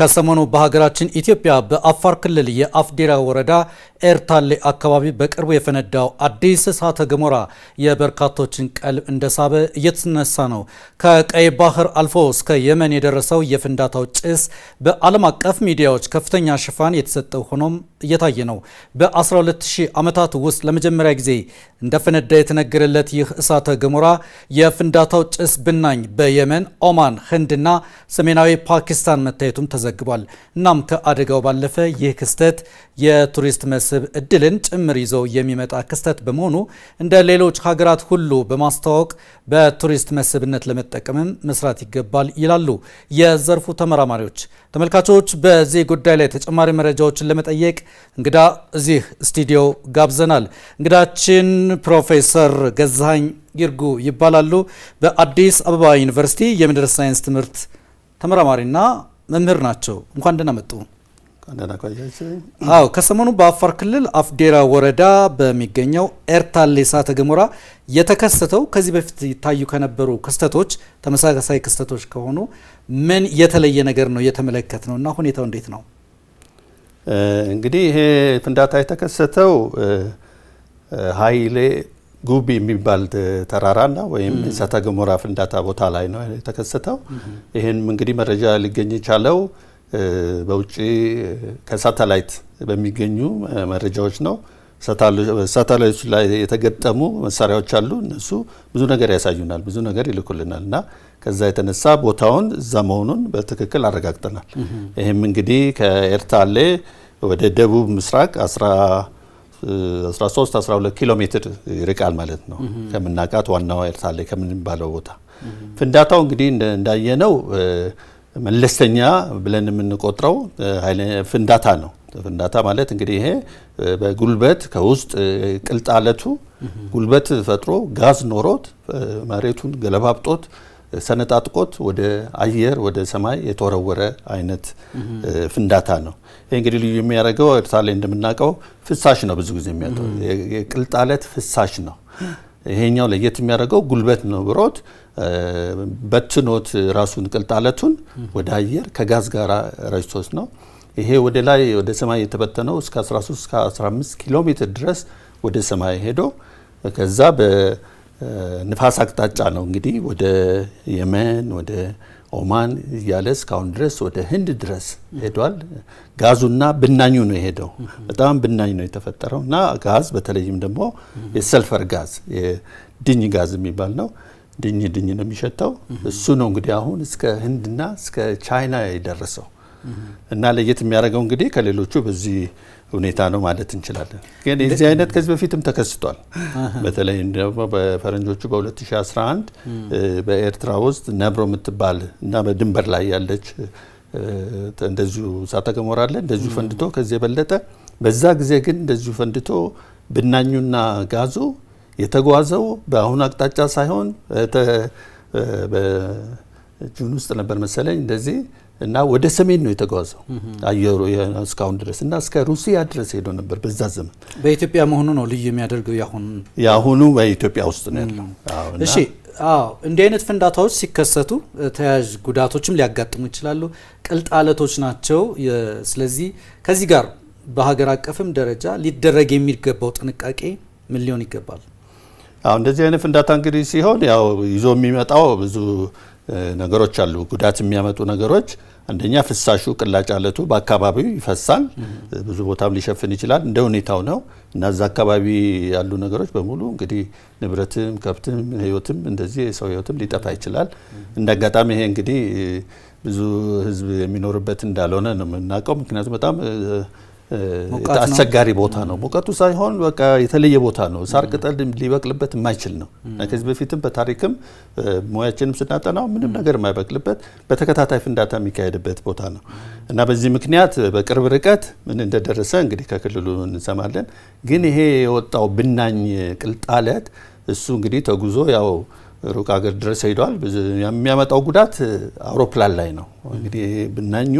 ከሰሞኑ በሀገራችን ኢትዮጵያ በአፋር ክልል የአፍዴራ ወረዳ ኤርታሌ አካባቢ በቅርቡ የፈነዳው አዲስ እሳተ ገሞራ የበርካቶችን ቀልብ እንደሳበ እየተነሳ ነው። ከቀይ ባህር አልፎ እስከ የመን የደረሰው የፍንዳታው ጭስ በዓለም አቀፍ ሚዲያዎች ከፍተኛ ሽፋን የተሰጠው ሆኖም እየታየ ነው። በ12000 ዓመታት ውስጥ ለመጀመሪያ ጊዜ እንደፈነዳ የተነገረለት ይህ እሳተ ገሞራ የፍንዳታው ጭስ ብናኝ በየመን ኦማን፣ ህንድና ሰሜናዊ ፓኪስታን መታየቱም ተዘ ተዘግቧል። እናም ከአደጋው ባለፈ ይህ ክስተት የቱሪስት መስህብ እድልን ጭምር ይዞ የሚመጣ ክስተት በመሆኑ እንደ ሌሎች ሀገራት ሁሉ በማስተዋወቅ በቱሪስት መስህብነት ለመጠቀምም መስራት ይገባል ይላሉ የዘርፉ ተመራማሪዎች። ተመልካቾች በዚህ ጉዳይ ላይ ተጨማሪ መረጃዎችን ለመጠየቅ እንግዳ እዚህ ስቱዲዮ ጋብዘናል። እንግዳችን ፕሮፌሰር ገዛኸኝ ይርጉ ይባላሉ። በአዲስ አበባ ዩኒቨርሲቲ የምድር ሳይንስ ትምህርት ተመራማሪና መምህር ናቸው። እንኳን ደህና መጡ። አዎ ከሰሞኑ በአፋር ክልል አፍዴራ ወረዳ በሚገኘው ኤርታሌ እሳተ ገሞራ የተከሰተው ከዚህ በፊት ይታዩ ከነበሩ ክስተቶች ተመሳሳይ ክስተቶች ከሆኑ ምን የተለየ ነገር ነው የተመለከት ነው እና ሁኔታው እንዴት ነው? እንግዲህ ይሄ ፍንዳታ የተከሰተው ሀይሌ ጉቢ የሚባል ተራራና ወይም እሳተ ገሞራ ፍንዳታ ቦታ ላይ ነው የተከሰተው። ይህን እንግዲህ መረጃ ሊገኝ የቻለው በውጭ ከሳተላይት በሚገኙ መረጃዎች ነው። ሳተላይቶች ላይ የተገጠሙ መሳሪያዎች አሉ። እነሱ ብዙ ነገር ያሳዩናል፣ ብዙ ነገር ይልኩልናል እና ከዛ የተነሳ ቦታውን እዛ መሆኑን በትክክል አረጋግጠናል። ይህም እንግዲህ ከኤርታሌ ወደ ደቡብ ምስራቅ 13 12 ኪሎ ሜትር ይርቃል ማለት ነው ከምናቃት ዋናው ኤርታሌ ከምንባለው ቦታ። ፍንዳታው እንግዲህ እንዳየነው መለስተኛ ብለን የምንቆጥረው ፍንዳታ ነው። ፍንዳታ ማለት እንግዲህ ይሄ በጉልበት ከውስጥ ቅልጣለቱ ጉልበት ፈጥሮ ጋዝ ኖሮት መሬቱን ገለባብጦት ሰነጣጥቆት ወደ አየር ወደ ሰማይ የተወረወረ አይነት ፍንዳታ ነው። ይህ እንግዲህ ልዩ የሚያደርገው ኤርትራ ላይ እንደምናውቀው ፍሳሽ ነው፣ ብዙ ጊዜ የሚያጠው የቅልጣለት ፍሳሽ ነው። ይሄኛው ለየት የሚያደርገው ጉልበት ብሮት በትኖት ራሱን ቅልጣለቱን ወደ አየር ከጋዝ ጋር ረጅቶስ ነው። ይሄ ወደ ላይ ወደ ሰማይ የተበተነው እስከ 13 እስከ 15 ኪሎ ሜትር ድረስ ወደ ሰማይ ሄዶ ከዛ ንፋስ አቅጣጫ ነው እንግዲህ ወደ የመን ወደ ኦማን እያለ እስካሁን ድረስ ወደ ህንድ ድረስ ሄዷል። ጋዙና ብናኙ ነው የሄደው። በጣም ብናኝ ነው የተፈጠረው እና ጋዝ በተለይም ደግሞ የሰልፈር ጋዝ የድኝ ጋዝ የሚባል ነው። ድኝ ድኝ ነው የሚሸተው። እሱ ነው እንግዲህ አሁን እስከ ህንድና እስከ ቻይና የደረሰው። እና ለየት የሚያደርገው እንግዲህ ከሌሎቹ በዚህ ሁኔታ ነው ማለት እንችላለን። ግን የዚህ አይነት ከዚህ በፊትም ተከስቷል። በተለይ ደግሞ በፈረንጆቹ በ2011 በኤርትራ ውስጥ ነብሮ የምትባል እና በድንበር ላይ ያለች እንደዚሁ እሳተ ገሞራ አለ እንደዚሁ ፈንድቶ ከዚህ የበለጠ በዛ ጊዜ ግን እንደዚሁ ፈንድቶ ብናኙና ጋዙ የተጓዘው በአሁኑ አቅጣጫ ሳይሆን ጁን ውስጥ ነበር መሰለኝ እንደዚህ እና ወደ ሰሜን ነው የተጓዘው አየሩ እስካሁን ድረስ እና እስከ ሩሲያ ድረስ ሄዶ ነበር በዛ ዘመን። በኢትዮጵያ መሆኑ ነው ልዩ የሚያደርገው። ያሁኑ ያሁኑ በኢትዮጵያ ውስጥ ነው ያለው። እሺ፣ አዎ። እንዲህ አይነት ፍንዳታዎች ሲከሰቱ ተያያዥ ጉዳቶችም ሊያጋጥሙ ይችላሉ። ቅልጥ አለቶች ናቸው። ስለዚህ ከዚህ ጋር በሀገር አቀፍም ደረጃ ሊደረግ የሚገባው ጥንቃቄ ምን ሊሆን ይገባል? አሁ እንደዚህ አይነት ፍንዳታ እንግዲህ ሲሆን ያው ይዞ የሚመጣው ብዙ ነገሮች አሉ፣ ጉዳት የሚያመጡ ነገሮች። አንደኛ ፍሳሹ ቅላጭ አለቱ በአካባቢው ይፈሳል፣ ብዙ ቦታም ሊሸፍን ይችላል፣ እንደ ሁኔታው ነው እና እዛ አካባቢ ያሉ ነገሮች በሙሉ እንግዲህ ንብረትም፣ ከብትም፣ ህይወትም እንደዚህ የሰው ህይወትም ሊጠፋ ይችላል። እንደ አጋጣሚ ይሄ እንግዲህ ብዙ ህዝብ የሚኖርበት እንዳልሆነ ነው የምናውቀው። ምክንያቱም በጣም አስቸጋሪ ቦታ ነው። ሙቀቱ ሳይሆን በቃ የተለየ ቦታ ነው። ሳር ቅጠል ሊበቅልበት የማይችል ነው። ከዚህ በፊትም በታሪክም ሙያችንም ስናጠናው ምንም ነገር የማይበቅልበት በተከታታይ ፍንዳታ የሚካሄድበት ቦታ ነው እና በዚህ ምክንያት በቅርብ ርቀት ምን እንደደረሰ እንግዲህ ከክልሉ እንሰማለን። ግን ይሄ የወጣው ብናኝ ቅልጣለት እሱ እንግዲህ ተጉዞ ያው ሩቅ ሀገር ድረስ ሄዷል። የሚያመጣው ጉዳት አውሮፕላን ላይ ነው እንግዲህ ብናኙ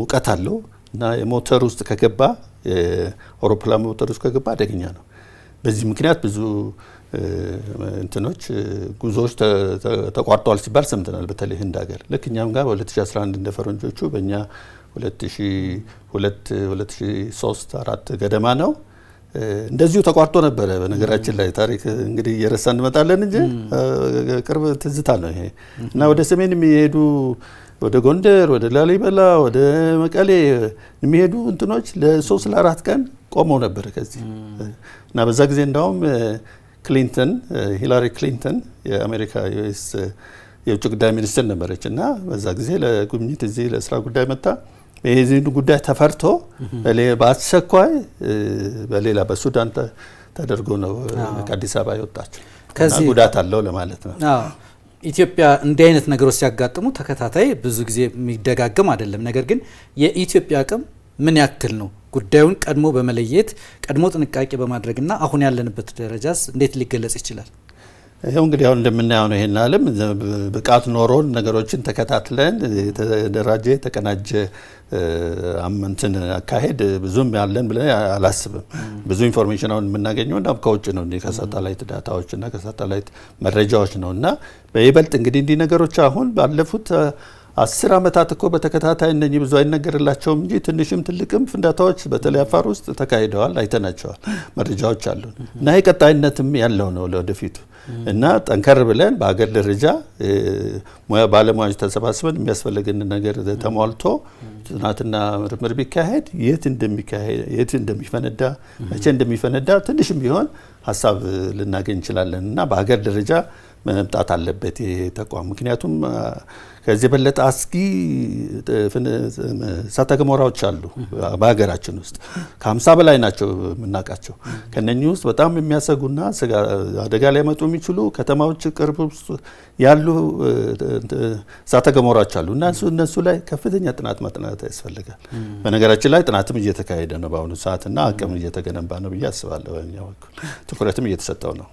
ሙቀት አለው እና የሞተር ውስጥ ከገባ የአውሮፕላን ሞተር ውስጥ ከገባ አደገኛ ነው። በዚህ ምክንያት ብዙ እንትኖች ጉዞዎች ተቋርጠዋል ሲባል ሰምተናል። በተለይ ህንድ ሀገር ልክ እኛም ጋር በ2011 እንደ ፈረንጆቹ በእኛ 2003 አራት ገደማ ነው እንደዚሁ ተቋርጦ ነበረ። በነገራችን ላይ ታሪክ እንግዲህ እየረሳ እንመጣለን እንጂ ቅርብ ትዝታ ነው ይሄ እና ወደ ሰሜን የሚሄዱ ወደ ጎንደር፣ ወደ ላሊበላ፣ ወደ መቀሌ የሚሄዱ እንትኖች ለሶስት ለአራት ቀን ቆመው ነበር ከዚህ እና በዛ ጊዜ እንዳውም ክሊንተን ሂላሪ ክሊንተን የአሜሪካ ዩኤስ የውጭ ጉዳይ ሚኒስትር ነበረች እና በዛ ጊዜ ለጉብኝት እዚህ ለስራ ጉዳይ መታ ይህዚህን ጉዳይ ተፈርቶ በአስቸኳይ በሌላ በሱዳን ተደርጎ ነው ከአዲስ አበባ የወጣቸው ጉዳት አለው ለማለት ነው። ኢትዮጵያ እንዲህ አይነት ነገሮች ሲያጋጥሙ ተከታታይ ብዙ ጊዜ የሚደጋገም አይደለም። ነገር ግን የኢትዮጵያ አቅም ምን ያክል ነው? ጉዳዩን ቀድሞ በመለየት ቀድሞ ጥንቃቄ በማድረግና አሁን ያለንበት ደረጃስ እንዴት ሊገለጽ ይችላል? ይኸው እንግዲህ አሁን እንደምናየው ነው። ይሄን ዓለም ብቃት ኖሮን ነገሮችን ተከታትለን የተደራጀ የተቀናጀ አመንትን አካሄድ ብዙም ያለን ብለን አላስብም። ብዙ ኢንፎርሜሽን አሁን የምናገኘው እና ከውጭ ነው፣ ከሳተላይት ዳታዎች እና ከሳተላይት መረጃዎች ነው እና በይበልጥ እንግዲህ እንዲህ ነገሮች አሁን ባለፉት አስር ዓመታት እኮ በተከታታይ እነኚህ ብዙ አይነገርላቸውም እንጂ ትንሽም ትልቅም ፍንዳታዎች በተለይ አፋር ውስጥ ተካሂደዋል፣ አይተናቸዋል፣ መረጃዎች አሉ። እና የቀጣይነትም ያለው ነው ለወደፊቱ እና ጠንከር ብለን በሀገር ደረጃ ሙያ ባለሙያዎች ተሰባስበን የሚያስፈልግን ነገር ተሟልቶ ጥናትና ምርምር ቢካሄድ የት እንደሚፈነዳ መቼ እንደሚፈነዳ ትንሽም ቢሆን ሀሳብ ልናገኝ እንችላለን እና በሀገር ደረጃ መምጣት አለበት ይህ ተቋም ምክንያቱም ከዚህ የበለጠ አስጊ እሳተ ገሞራዎች አሉ በሀገራችን ውስጥ ከሀምሳ በላይ ናቸው የምናውቃቸው። ከነኚህ ውስጥ በጣም የሚያሰጉና አደጋ ላይ መጡ የሚችሉ ከተማዎች ቅርብ ውስጥ ያሉ እሳተ ገሞራዎች አሉ እና እነሱ ላይ ከፍተኛ ጥናት ማጥናት ያስፈልጋል። በነገራችን ላይ ጥናትም እየተካሄደ ነው በአሁኑ ሰዓትና አቅም እየተገነባ ነው ብዬ አስባለሁ። በኛ በኩል ትኩረትም እየተሰጠው ነው።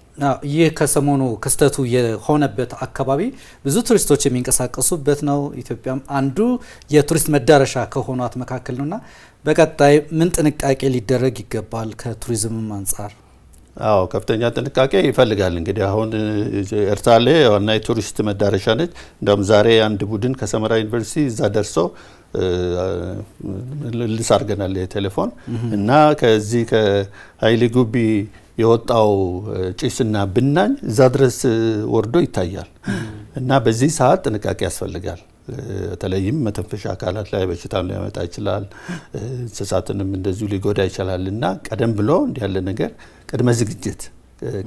ይህ ከሰሞኑ ክስተቱ የሆነበት አካባቢ ብዙ ቱሪስቶች የሚንቀሳቀሱ የሚያተኩሩበት ነው። ኢትዮጵያም አንዱ የቱሪስት መዳረሻ ከሆኗት መካከል ነውና በቀጣይ ምን ጥንቃቄ ሊደረግ ይገባል? ከቱሪዝምም አንጻር አዎ ከፍተኛ ጥንቃቄ ይፈልጋል። እንግዲህ አሁን ኤርታሌ ዋና የቱሪስት መዳረሻ ነች። እንዲሁም ዛሬ አንድ ቡድን ከሰመራ ዩኒቨርሲቲ እዛ ደርሶ ልስ አድርገናል የቴሌፎን እና ከዚህ ከሀይሊ ጉቢ የወጣው ጭስና ብናኝ እዛ ድረስ ወርዶ ይታያል። እና በዚህ ሰዓት ጥንቃቄ ያስፈልጋል። በተለይም መተንፈሻ አካላት ላይ በሽታን ሊያመጣ ይችላል። እንስሳትንም እንደዚሁ ሊጎዳ ይችላል እና ቀደም ብሎ እንዲ ያለ ነገር ቅድመ ዝግጅት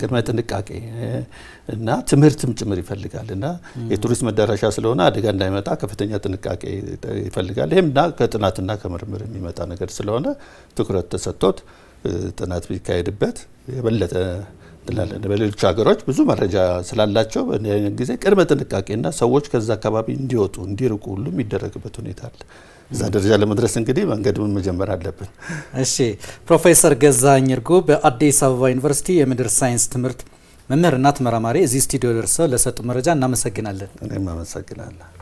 ቅድመ ጥንቃቄ እና ትምህርትም ጭምር ይፈልጋል እና የቱሪስት መዳረሻ ስለሆነ አደጋ እንዳይመጣ ከፍተኛ ጥንቃቄ ይፈልጋል። ይህምና ከጥናትና ከምርምር የሚመጣ ነገር ስለሆነ ትኩረት ተሰጥቶት ጥናት ቢካሄድበት የበለጠ እንላለን። በሌሎች ሀገሮች ብዙ መረጃ ስላላቸው ጊዜ ቅድመ ጥንቃቄና ሰዎች ከዛ አካባቢ እንዲወጡ እንዲርቁ ሁሉ የሚደረግበት ሁኔታ አለ። እዛ ደረጃ ለመድረስ እንግዲህ መንገዱን መጀመር አለብን። እሺ፣ ፕሮፌሰር ገዛኸኝ እርጉ በአዲስ አበባ ዩኒቨርሲቲ የምድር ሳይንስ ትምህርት መምህርና ተመራማሪ እዚህ ስቱዲዮ ደርሰው ለሰጡ መረጃ እናመሰግናለን። እኔም አመሰግናለሁ።